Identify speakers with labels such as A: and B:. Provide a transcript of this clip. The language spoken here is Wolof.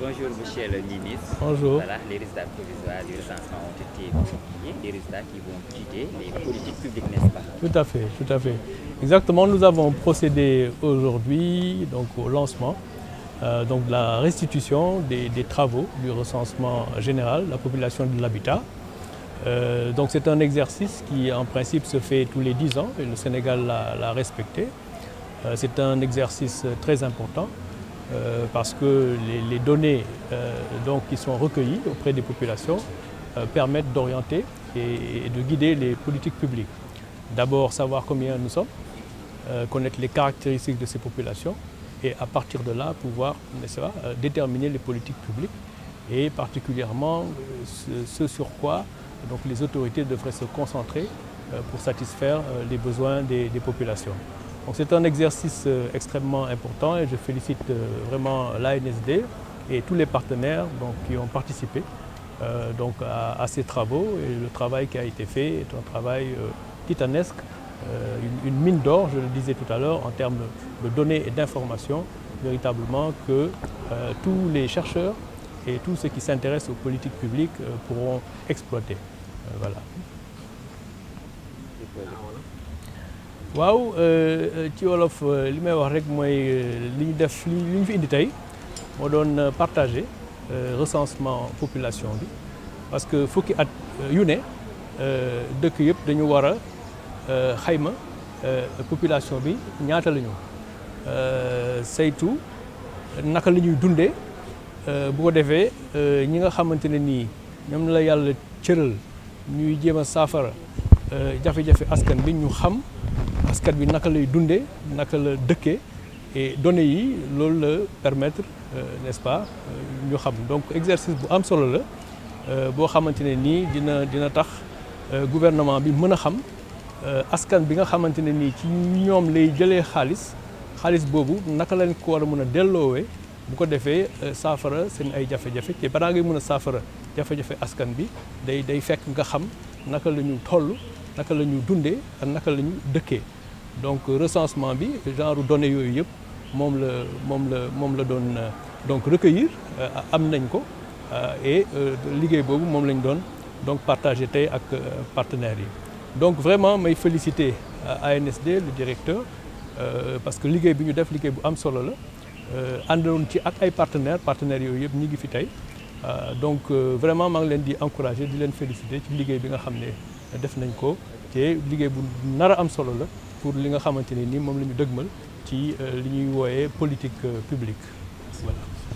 A: Bonjour, monsieur le Tout à fait, tout à fait. Exactement, nous avons procédé aujourd'hui donc, au lancement euh, de la restitution des, des, travaux du recensement général, la population de l'habitat. Euh, donc c'est un exercice qui en principe se fait tous les 10 ans et le Sénégal l'a respecté. Euh, c'est un exercice très important euh, parce que les, les données euh, donc, qui sont recueillies auprès des populations euh, permettent d'orienter et, et, de guider les politiques publiques. D'abord, savoir combien nous sommes, euh, connaître les caractéristiques de ces populations et à partir de là, pouvoir pas, euh, déterminer les politiques publiques et particulièrement ce, ce sur quoi donc, les autorités devraient se concentrer euh, pour satisfaire les besoins des, des populations. c'est un exercice euh, extrêmement important et je félicite euh, vraiment l'ANSD et tous les partenaires donc, qui ont participé euh, donc, à, à, ces travaux. Et le travail qui a été fait est un travail euh, titanesque, euh, une, une, mine d'or, je le disais tout à l'heure, en termes de données et d'informations, véritablement que euh, tous les chercheurs et tous ceux qui s'intéressent aux politiques publiques pourront exploiter. voilà. waaw euh, euh, ci olof euh, li may wax rek mooy li ñu def li ñu fi indi tey moo doon partager recensement population bi parce que fukki at yu ne dëkk yëpp dañu war a xayma population bi ñaata la ñu saytu naka la ñuy dundee bu ko defee ñi nga xamante ne nii ñoom la yàlla cëral ñuy jéem a saafara jafe-jafe askan bi ñu xam askan bi naka lay dundee naka la dëkkee et yi loolu la permettre euh, nest pa euh, ñu xam donc exercice bu am solo la euh, boo xamante ne nii dina dina tax gouvernement bi mën a xam askan bi nga xamante ne nii ci ñoom lay jëlee xaalis xaalis boobu naka lañ ko war a mën a delloowee bu ko defee saafara seen ay jafe-jafe te balaa ngay mën a saafara jafe-jafe askan bi day day fekk nga xam naka la ñu toll naka la ñu dundee ak naka lañu ñu dëkkee donc euh, recensement bi genre données yooyu yëpp moom la moom la moom la doon euh, donc recueillir euh, am nañ ko et liggéey boobu moom lañ doon donc partagé tey ak partenaires yi donc vraiment may féliciter ANSD le directeur parce que liggéey bi ñu def liggéey bu am solo la àndoon ci ak ay partenaires partenaires yooyu yëpp ñi ngi fi tey donc vraiment maa ngi leen di encourager di leen féliciter ci liggéey bi nga xam ne def nañ ko te liggéey bu nar a am solo la pour li nga xamante ne ni moom lañu dëgg dëgmal ci euh, li ñuy wooyee politique euh, publique